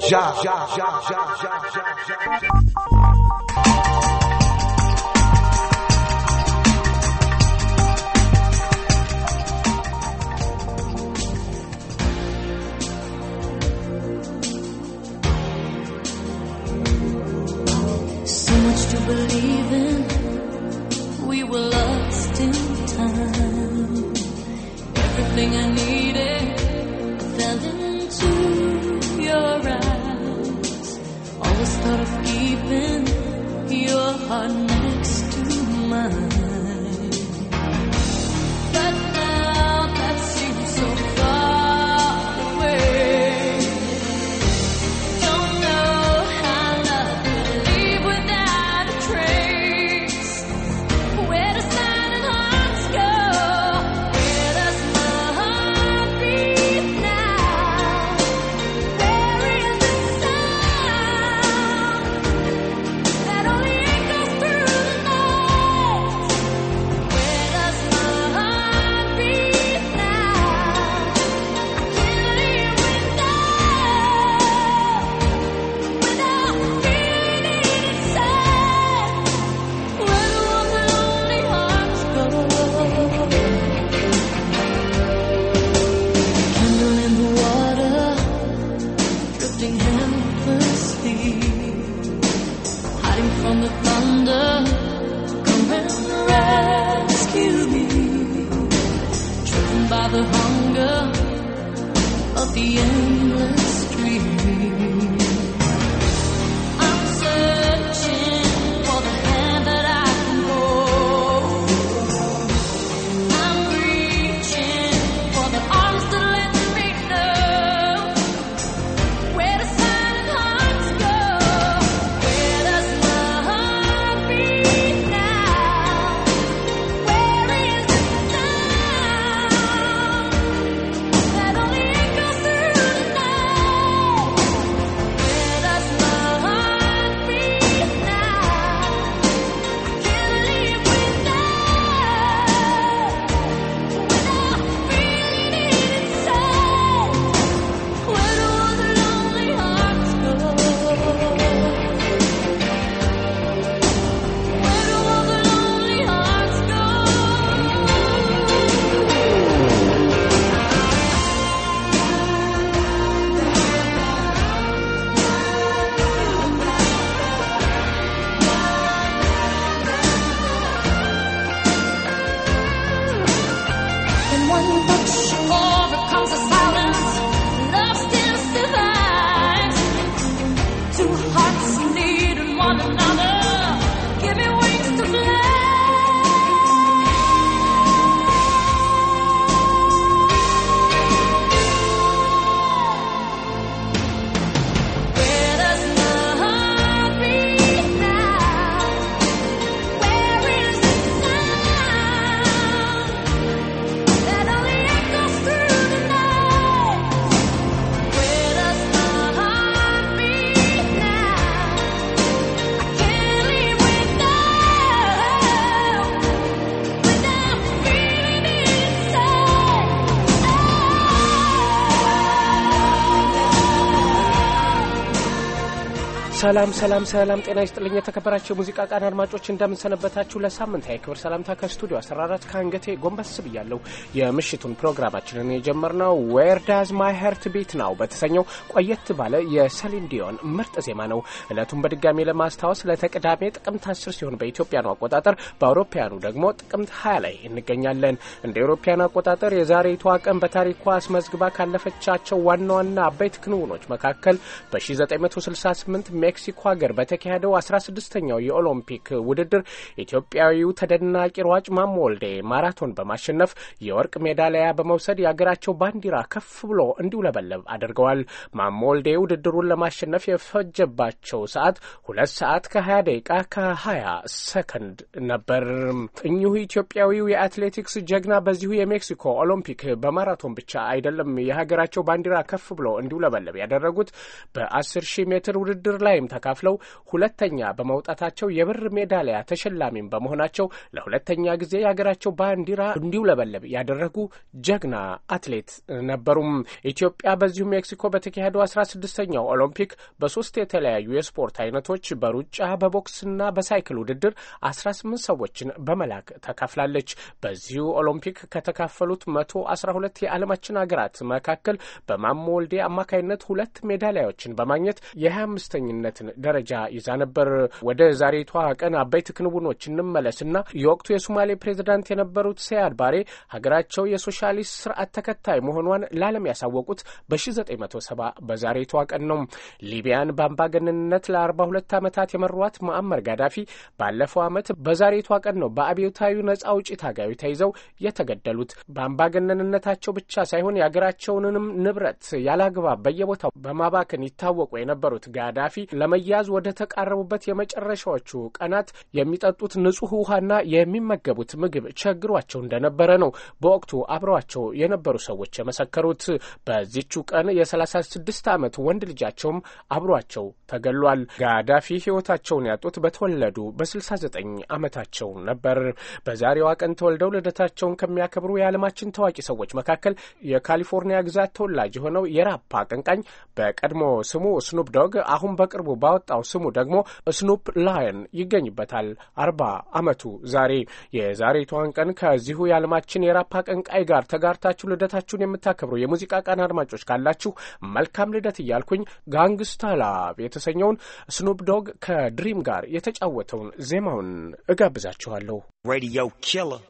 So much to believe in. We were lost in time. Everything I need. heaven, your heart. the hunger of the endless dream. ሰላም ሰላም ሰላም፣ ጤና ይስጥልኝ የተከበራቸው የሙዚቃ ቃን አድማጮች እንደምንሰነበታችሁ። ለሳምንት ክብር ሰላምታ ከስቱዲዮ 14 ከአንገቴ ጎንበስ ብያለሁ። የምሽቱን ፕሮግራማችንን የጀመርነው ዌር ዳዝ ማይ ሄርት ቢት ናው በተሰኘው ቆየት ባለ የሰሊን ዲዮን ምርጥ ዜማ ነው። እለቱን በድጋሚ ለማስታወስ ለተቅዳሜ ጥቅምት 10 ሲሆን በኢትዮጵያኑ አቆጣጠር፣ በአውሮፓያኑ ደግሞ ጥቅምት 20 ላይ እንገኛለን። እንደ አውሮፓያኑ አቆጣጠር የዛሬቷ ቀን በታሪኳ አስመዝግባ ካለፈቻቸው ዋና ዋና አበይት ክንውኖች መካከል በ1968 ሜክሲ በሜክሲኮ ሀገር በተካሄደው አስራ ስድስተኛው የኦሎምፒክ ውድድር ኢትዮጵያዊው ተደናቂ ሯጭ ማሞ ወልዴ ማራቶን በማሸነፍ የወርቅ ሜዳሊያ በመውሰድ የሀገራቸው ባንዲራ ከፍ ብሎ እንዲውለበለብ አድርገዋል። ማሞ ወልዴ ውድድሩን ለማሸነፍ የፈጀባቸው ሰዓት ሁለት ሰዓት ከሀያ ደቂቃ ከሀያ ሰከንድ ነበር። እኚሁ ኢትዮጵያዊው የአትሌቲክስ ጀግና በዚሁ የሜክሲኮ ኦሎምፒክ በማራቶን ብቻ አይደለም የሀገራቸው ባንዲራ ከፍ ብሎ እንዲውለበለብ ያደረጉት በአስር ሺህ ሜትር ውድድር ላይም ተካፍለው ሁለተኛ በመውጣታቸው የብር ሜዳሊያ ተሸላሚም በመሆናቸው ለሁለተኛ ጊዜ የሀገራቸው ባንዲራ እንዲውለበለብ ያደረጉ ጀግና አትሌት ነበሩም። ኢትዮጵያ በዚሁም ሜክሲኮ በተካሄደው አስራ ስድስተኛው ኦሎምፒክ በሶስት የተለያዩ የስፖርት አይነቶች በሩጫ በቦክስና በሳይክል ውድድር አስራ ስምንት ሰዎችን በመላክ ተካፍላለች። በዚሁ ኦሎምፒክ ከተካፈሉት መቶ አስራ ሁለት የዓለማችን ሀገራት መካከል በማሞ ወልዴ አማካይነት ሁለት ሜዳሊያዎችን በማግኘት የሀያ አምስተኝነት ያለባትን ደረጃ ይዛ ነበር። ወደ ዛሬቷ ቀን አበይት ክንውኖች እንመለስና የወቅቱ የሶማሌ ፕሬዚዳንት የነበሩት ሰያድ ባሬ ሀገራቸው የሶሻሊስት ስርዓት ተከታይ መሆኗን ለዓለም ያሳወቁት በ1970 በዛሬቷ ቀን ነው። ሊቢያን በአምባገነንነት ለ42 ዓመታት የመሯት ማዕመር ጋዳፊ ባለፈው ዓመት በዛሬቷ ቀን ነው በአብዮታዊ ነጻ አውጪ ታጋዩ ተይዘው የተገደሉት። በአምባገነንነታቸው ብቻ ሳይሆን የሀገራቸውንም ንብረት ያላግባብ በየቦታው በማባከን ይታወቁ የነበሩት ጋዳፊ ለመያዝ ወደ ተቃረቡበት የመጨረሻዎቹ ቀናት የሚጠጡት ንጹህ ውሃና የሚመገቡት ምግብ ቸግሯቸው እንደነበረ ነው በወቅቱ አብረዋቸው የነበሩ ሰዎች የመሰከሩት። በዚቹ ቀን የ36 ዓመት ወንድ ልጃቸውም አብሯቸው ተገሏል። ጋዳፊ ህይወታቸውን ያጡት በተወለዱ በ69 ዓመታቸው ነበር። በዛሬዋ ቀን ተወልደው ልደታቸውን ከሚያከብሩ የዓለማችን ታዋቂ ሰዎች መካከል የካሊፎርኒያ ግዛት ተወላጅ የሆነው የራፕ አቀንቃኝ በቀድሞ ስሙ ስኑፕ ዶግ አሁን በቅርቡ ባወጣው ስሙ ደግሞ ስኑፕ ላየን ይገኝበታል። አርባ አመቱ ዛሬ የዛሬቷን ቀን ከዚሁ የዓለማችን የራፕ አቀንቃይ ጋር ተጋርታችሁ ልደታችሁን የምታከብሩ የሙዚቃ ቀን አድማጮች ካላችሁ መልካም ልደት እያልኩኝ ጋንግስታ ላቭ የተሰኘውን ስኑፕ ዶግ ከድሪም ጋር የተጫወተውን ዜማውን እጋብዛችኋለሁ። Radio Killer,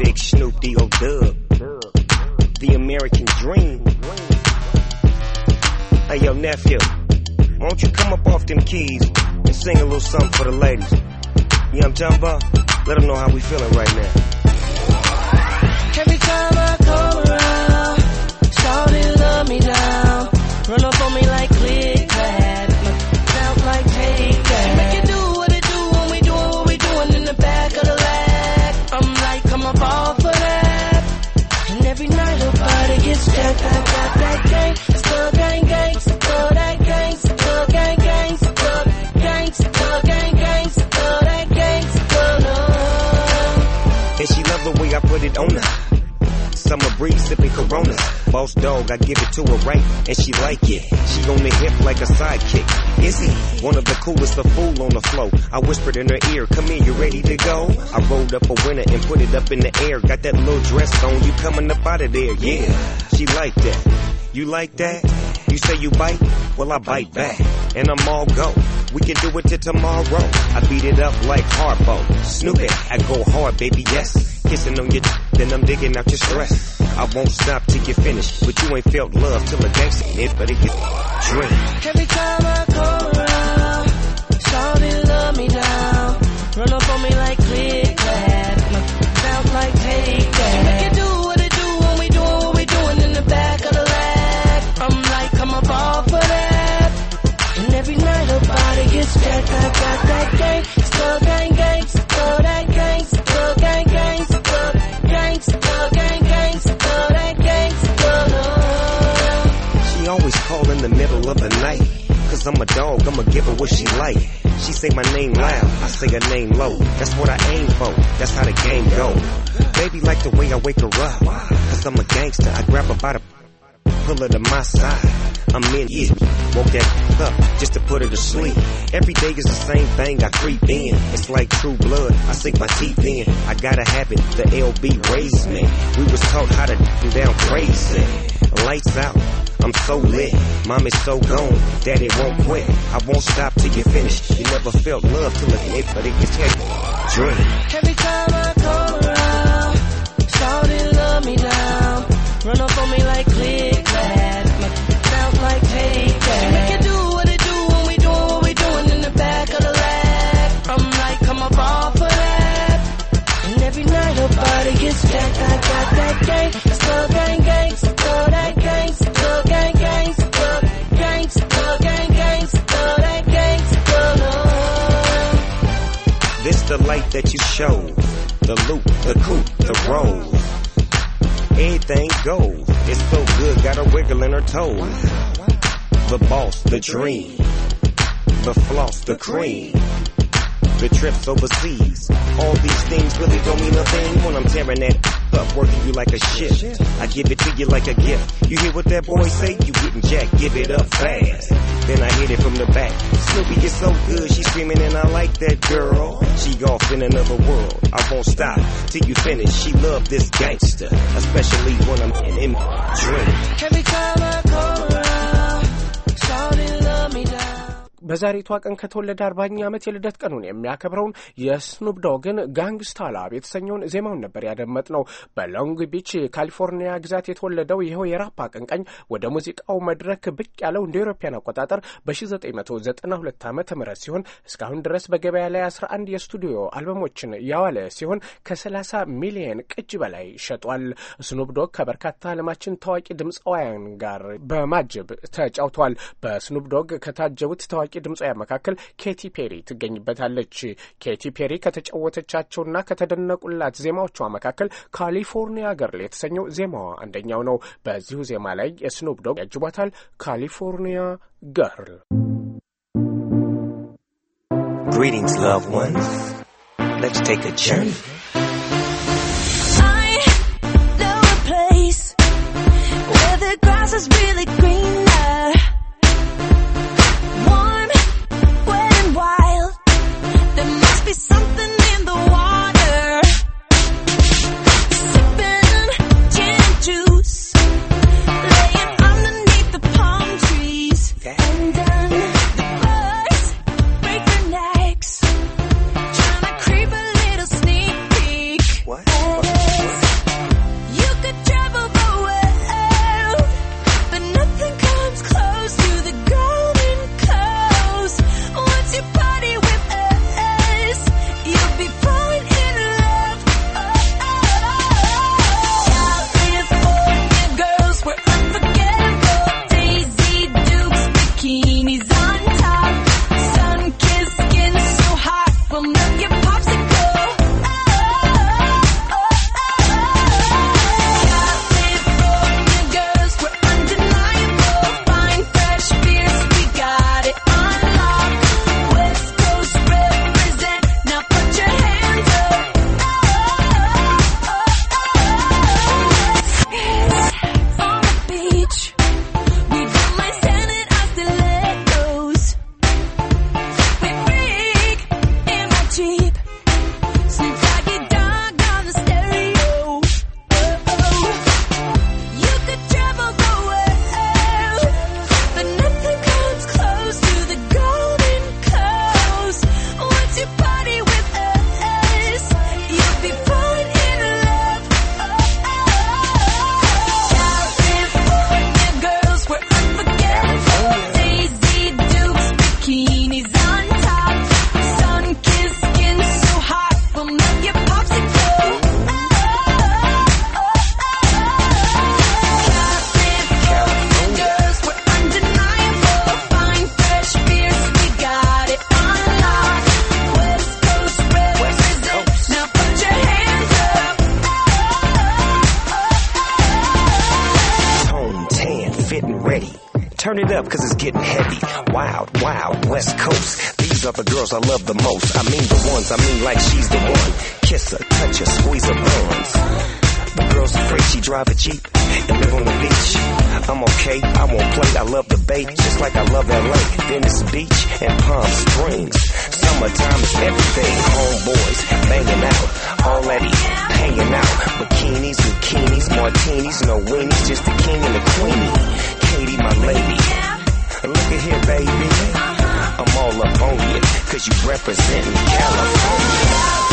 Big Snoop D.O. Dub, The American Dream. Hey, yo, nephew. Won't you come up off them keys and sing a little something for the ladies? You know I'm talking about? Let them know how we feeling right now. Every time I come around, shawty love me down. Run up on me like click clack, sound like take that. She make it do what it do when we doing what we doing in the back of the lab. I'm like, I'ma fall for that. And every night her body gets jacked, jacked, jacked. put it Summer breeze sipping Coronas. Boss dog, I give it to her right, and she like it. She on the hip like a sidekick. Is he one of the coolest? of fool on the flow. I whispered in her ear, "Come here, you ready to go?" I rolled up a winner and put it up in the air. Got that little dress on, you coming up out of there? Yeah, she like that. You like that? You say you bite? Well, I bite back. And I'm all go. We can do it till tomorrow. I beat it up like Harpo. Snoop it. I go hard, baby, yes. Kissing on your d- then I'm digging out your stress. I won't stop till you finish. But you ain't felt love till a gangster did. but it gets dream. Every time I call. cause I'm a dog, I'ma give her what she like. She say my name loud, I say her name low. That's what I aim for, that's how the game go. Baby like the way I wake her up, cause I'm a gangster. I grab her by the pull her to my side. I'm in it, woke that up just to put her to sleep. Every day is the same thing, I creep in. It's like true blood, I sink my teeth in. I gotta have it, the LB raised me. We was taught how to do down crazy. Lights out, I'm so lit. Mom is so gone daddy won't quit. I won't stop till you finish. You never felt love till it hit, but it gets heavy. Dream. Every time I come around, shouting love me down. Run up on me like click clack. Sounds like take that. Make it do what it do when we doing what we doing in the back of the lab. I'm like, come on, fall for that. And every night her body gets jacked. I got that game. It's all the light that you show. The loop, the coupe, the roll. Anything goes. It's so good, got a wiggle in her toe. The boss, the dream. The floss, the cream the trips overseas. All these things really don't mean a thing when I'm tearing that up, working you like a shit. I give it to you like a gift. You hear what that boy say? You getting jack, give it up fast. Then I hit it from the back. Snoopy is so good, she's screaming and I like that girl. She off in another world. I won't stop till you finish. She love this gangster, especially when I'm in, my drink. Every time I go በዛሬቷ ቀን ከተወለደ አርባኛ ዓመት የልደት ቀኑን የሚያከብረውን የስኑፕ ዶግን ጋንግስታ ላብ የተሰኘውን ዜማውን ነበር ያደመጥ ነው። በሎንግ ቢች ካሊፎርኒያ ግዛት የተወለደው ይኸው የራፕ አቀንቃኝ ወደ ሙዚቃው መድረክ ብቅ ያለው እንደ ኤሮፓያን አቆጣጠር በ1992 ዓ ምህረት ሲሆን እስካሁን ድረስ በገበያ ላይ 11 የስቱዲዮ አልበሞችን ያዋለ ሲሆን ከ30 ሚሊየን ቅጅ በላይ ሸጧል። ስኑፕ ዶግ ከበርካታ ዓለማችን ታዋቂ ድምፃውያን ጋር በማጀብ ተጫውተዋል። በስኑፕ ዶግ ከታጀቡት ታዋቂ ድምፃውያን መካከል ኬቲ ፔሪ ትገኝበታለች። ኬቲ ፔሪ ከተጫወተቻቸውና ከተደነቁላት ዜማዎቿ መካከል ካሊፎርኒያ ገርል የተሰኘው ዜማዋ አንደኛው ነው። በዚሁ ዜማ ላይ የስኖፕ ዶግ ያጅቧታል። ካሊፎርኒያ ገርል Greetings, loved ones. Let's take a journey. I know a place where the grass is really greener. wild. There must be something in the wild. Turn it up, cause it's getting heavy. Wild, wild, West Coast. These are the girls I love the most. I mean the ones, I mean like she's the one. Kiss her, touch her, squeeze her bones. The girl's afraid she drive a Jeep and live on the beach. I'm okay, I won't play. I love the bay just like I love LA. Venice Beach and Palm Springs. Summertime is everything. Homeboys banging out, already hanging out. Bikinis, bikinis, martinis, no weenies, just the king and the queenie. Katie, my lady. Look at here, baby. Uh-huh. I'm all up on you, cause you representing California.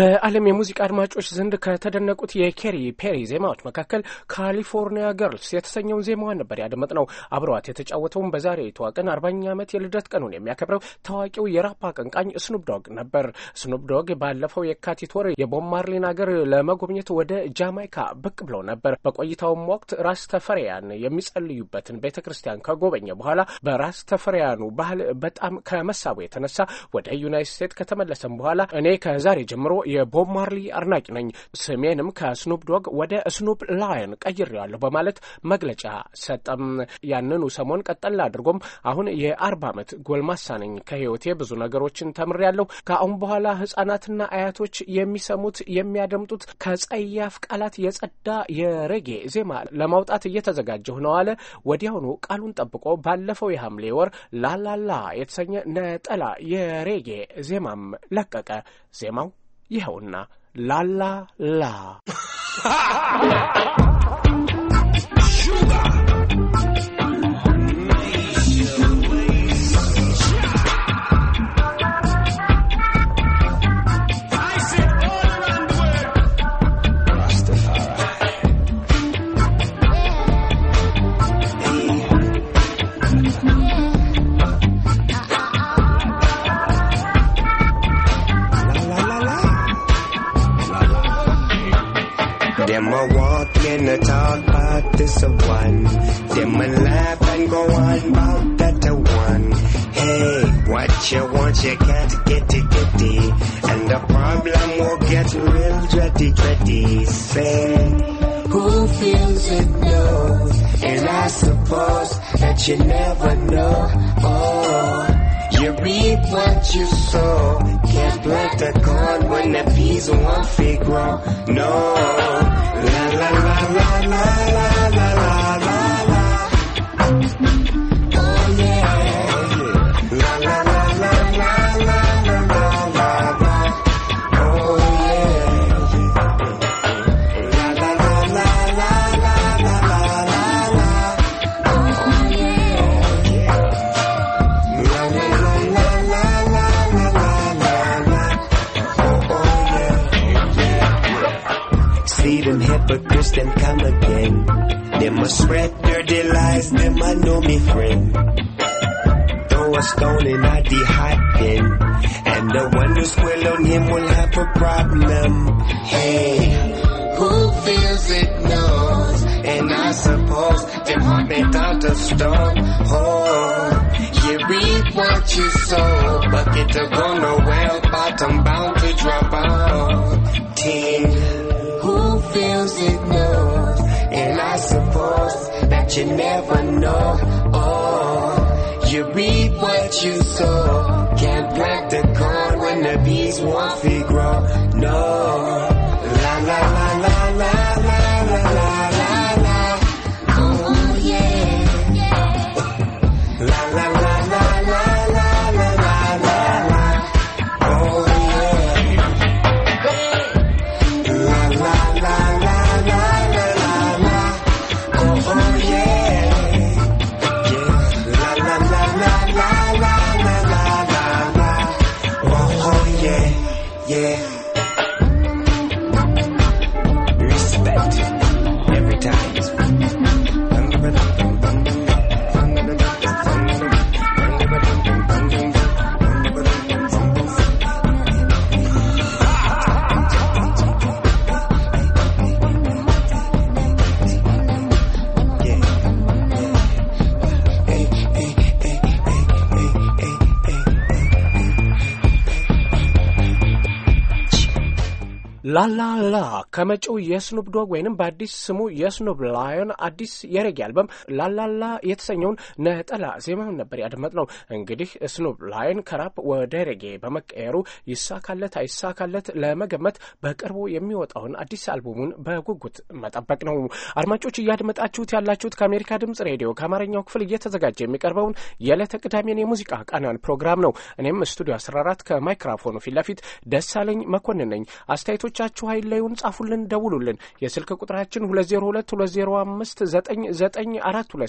በዓለም የሙዚቃ አድማጮች ዘንድ ከተደነቁት የኬሪ ፔሪ ዜማዎች መካከል ካሊፎርኒያ ገርልስ የተሰኘውን ዜማዋን ነበር ነው። አብረዋት የተጫወተውን በዛሬዋ ቀን አርባኛ ዓመት የልደት ቀኑን የሚያከብረው ታዋቂው የራፕ አቀንቃኝ ስኑፕ ዶግ ነበር። ስኑፕ ዶግ ባለፈው የካቲት ወር የቦብ ማርሊን አገር ለመጎብኘት ወደ ጃማይካ ብቅ ብሎ ነበር። በቆይታውም ወቅት ራስተፈሪያን የሚጸልዩበትን ቤተ ክርስቲያን ከጎበኘ በኋላ በራስተፈሪያኑ ባህል በጣም ከመሳቡ የተነሳ ወደ ዩናይት ስቴትስ ከተመለሰም በኋላ እኔ ከዛሬ ጀምሮ የቦብ ማርሊ አድናቂ ነኝ፣ ስሜንም ከስኑፕ ዶግ ወደ ስኑፕ ላየን ቀይሬዋለሁ በማለት መግለጫ ሰጠም። ያንኑ ሰሞን ቀጠል አድርጎም አሁን የአርባ ዓመት ጎልማሳ ነኝ፣ ከህይወቴ ብዙ ነገሮችን ተምሬያለሁ። ከአሁን በኋላ ህጻናትና አያቶች የሚሰሙት የሚያደምጡት ከጸያፍ ቃላት የጸዳ የሬጌ ዜማ ለማውጣት እየተዘጋጀሁ ነው አለ። ወዲያውኑ ቃሉን ጠብቆ ባለፈው የሐምሌ ወር ላላላ የተሰኘ ነጠላ የሬጌ ዜማም ለቀቀ ዜማው ይኸውና ላላ ላ you can't get it, get it. And the problem will get real dirty, dirty. Say, who feels it knows. And I suppose that you never know. Oh, you reap what you sow. Can't plant the corn when the peas won't fit grow. No. La la la la la la la la la. They're gonna well I'm bound to drop out. Teen, who feels it knows? And I suppose that you never know. Oh, you reap what you sow. Can't plant the corn when the bees not to grow. No. la la la ከመጪው የስኑፕ ዶግ ወይንም በአዲስ ስሙ የስኑፕ ላዮን አዲስ የሬጌ አልበም ላላላ የተሰኘውን ነጠላ ዜማውን ነበር ያደመጥ ነው። እንግዲህ ስኑፕ ላዮን ከራፕ ወደ ሬጌ በመቀየሩ ይሳካለት አይሳካለት ለመገመት በቅርቡ የሚወጣውን አዲስ አልበሙን በጉጉት መጠበቅ ነው። አድማጮች እያድመጣችሁት ያላችሁት ከአሜሪካ ድምጽ ሬዲዮ ከአማርኛው ክፍል እየተዘጋጀ የሚቀርበውን የዕለተ ቅዳሜን የሙዚቃ ቃናን ፕሮግራም ነው። እኔም ስቱዲዮ 14 ከማይክራፎኑ ፊት ለፊት ደሳለኝ መኮንን ነኝ። አስተያየቶቻችሁ ኃይለዩን ጻፉ ጻፉልን፣ ደውሉልን። የስልክ ቁጥራችን ሁለት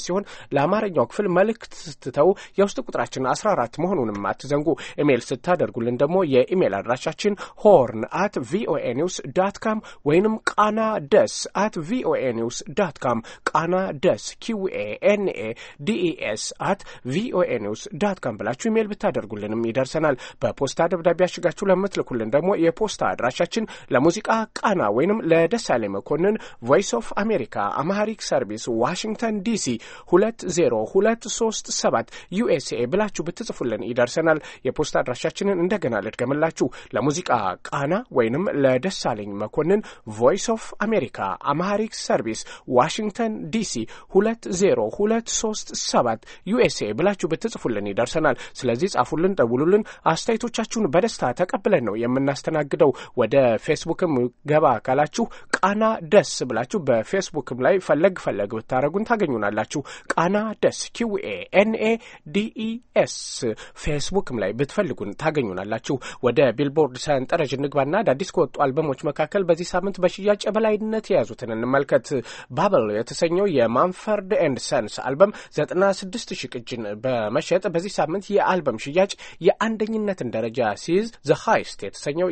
ሲሆን ለአማርኛው ክፍል መልእክት ስትተው የውስጥ ቁጥራችን አራት መሆኑንም አትዘንጉ። ኢሜይል ስታደርጉልን ደግሞ የኢሜይል አድራሻችን ሆርን አት ቪኦኤ ኒውስ ዳት ካም ወይንም ቃና ደስ አት ቪኦኤ ኒውስ ዳት ካም ቃና ደስ ኪውኤ ኤንኤ ዲኢኤስ አት ቪኦኤ ኒውስ ዳት ካም ብላችሁ ኢሜይል ብታደርጉልንም ይደርሰናል። በፖስታ ደብዳቤ አሽጋችሁ ለምትልኩልን ደግሞ የፖስታ አድራሻችን ለሙዚቃ ቃና ወይንም ለደሳሌ መኮንን ቮይስ ኦፍ አሜሪካ አማሃሪክ ሰርቪስ ዋሽንግተን ዲሲ ሁለት ዜሮ ሁለት ሶስት ሰባት ዩኤስኤ ብላችሁ ብትጽፉልን ይደርሰናል። የፖስት አድራሻችንን እንደገና ልድገምላችሁ። ለሙዚቃ ቃና ወይንም ለደሳለኝ መኮንን ቮይስ ኦፍ አሜሪካ አማሃሪክ ሰርቪስ ዋሽንግተን ዲሲ ሁለት ዜሮ ሁለት ሶስት ሰባት ዩኤስኤ ብላችሁ ብትጽፉልን ይደርሰናል። ስለዚህ ጻፉልን፣ ደውሉልን። አስተያየቶቻችሁን በደስታ ተቀብለን ነው የምናስተናግደው። ወደ ፌስቡክም ገባ ካላችሁ ቃና ደስ ብላችሁ በፌስቡክም ላይ ፈለግ ፈለግ ብታደረጉን ታገኙናላችሁ። ቃና ደስ ኪውኤ ኤንኤ ዲኢኤስ ፌስቡክም ላይ ብትፈልጉን ታገኙናላችሁ። ወደ ቢልቦርድ ሰንጠረዥ እንግባና አዳዲስ ከወጡ አልበሞች መካከል በዚህ ሳምንት በሽያጭ የበላይነት የያዙትን እንመልከት። ባበል የተሰኘው የማንፈርድ ኤንድ ሰንስ አልበም ዘጠና ስድስት ሺ ቅጅን በመሸጥ በዚህ ሳምንት የአልበም ሽያጭ የአንደኝነትን ደረጃ ሲይዝ ዘ ሃይስት የተሰኘው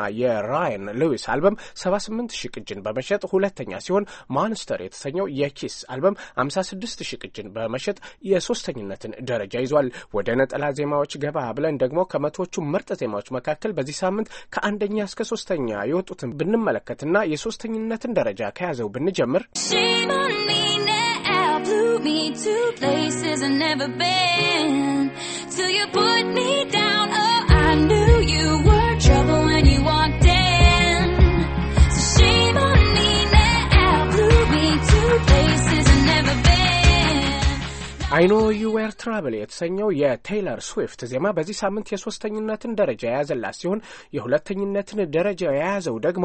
እና የራይን ሉዊስ የኪስ አልበም 78 ሺህ ቅጅን በመሸጥ ሁለተኛ ሲሆን ማንስተር የተሰኘው የኪስ አልበም 56 ሺህ ቅጅን በመሸጥ የሶስተኝነትን ደረጃ ይዟል። ወደ ነጠላ ዜማዎች ገባ ብለን ደግሞ ከመቶዎቹ ምርጥ ዜማዎች መካከል በዚህ ሳምንት ከአንደኛ እስከ ሶስተኛ የወጡትን ብንመለከትና የሶስተኝነትን ደረጃ ከያዘው ብንጀምር Places I've never been till you put me down. አይኖ ዩ ዌር ትራብል የተሰኘው የቴይለር ስዊፍት ዜማ በዚህ ሳምንት የሶስተኝነትን ደረጃ የያዘላት ሲሆን የሁለተኝነትን ደረጃ የያዘው ደግሞ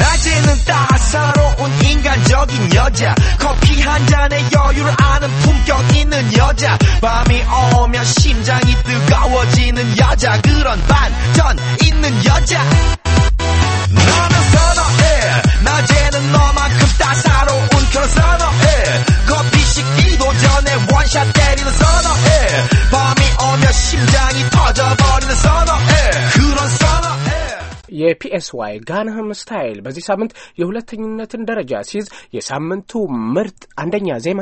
낮에는 따사로운 인간적인 여자 커피 한 잔에 여유를 아는 품격 있는 여자 밤이 오면 심장이 뜨거워지는 여자 그런 반전 있는 여자 나는 선호해 낮에는 너만큼 따사로운 그런 선호해 자도 원샷 때리는 선어해 밤이 오면 심장이 터져버리는 선어해 그런 선어해 የፒኤስዋይ ጋንሃም ስታይል በዚህ ሳምንት የሁለተኝነትን ደረጃ ሲይዝ የሳምንቱ ምርጥ አንደኛ ዜማ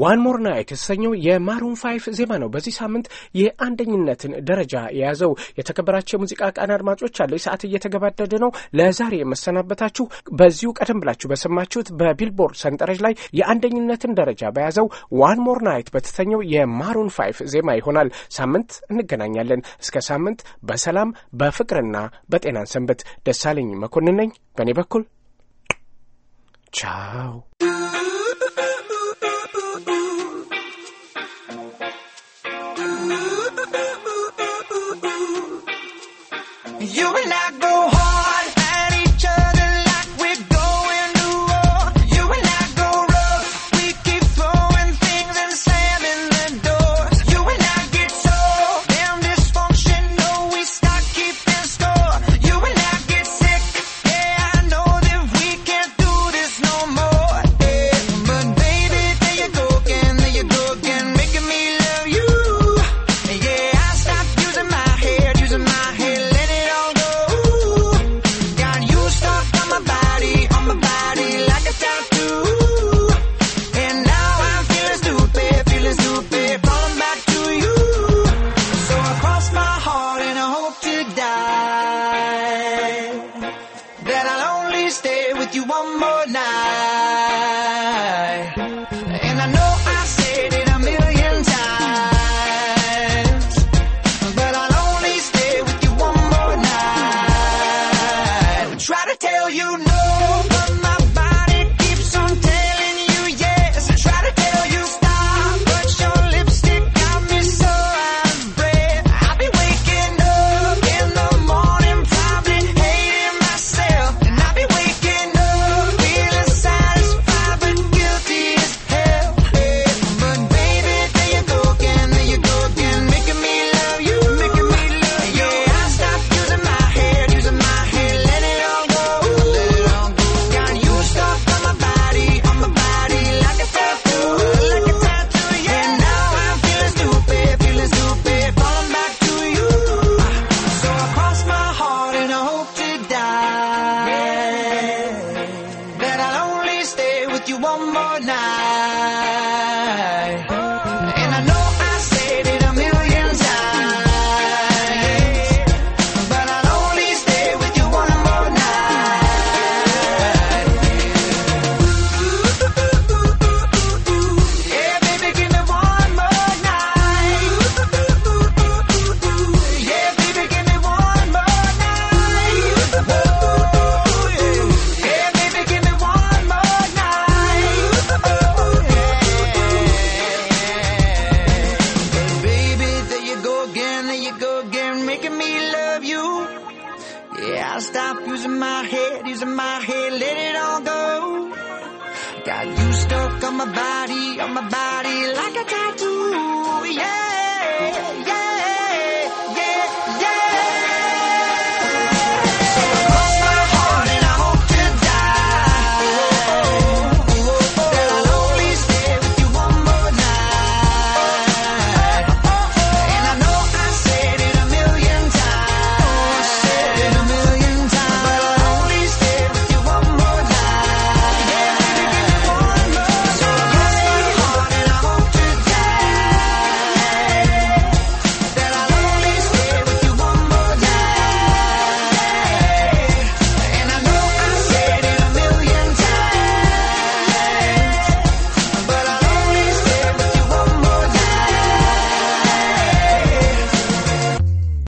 ዋን ሞር ናይት የተሰኘው የማሩን ፋይፍ ዜማ ነው በዚህ ሳምንት የአንደኝነትን ደረጃ የያዘው። የተከበራቸው የሙዚቃ ቃና አድማጮች ያለው ሰዓት እየተገባደደ ነው። ለዛሬ የመሰናበታችሁ በዚሁ ቀደም ብላችሁ በሰማችሁት በቢልቦርድ ሰንጠረዥ ላይ የአንደኝነትን ደረጃ በያዘው ዋን ሞር ናይት በተሰኘው የማሩን ፋይፍ ዜማ ይሆናል። ሳምንት እንገናኛለን። እስከ ሳምንት በሰላም በፍቅርና በጤናን ሰንበት። ደሳለኝ መኮንን ነኝ በእኔ በኩል ቻው። You and I go with you one more night.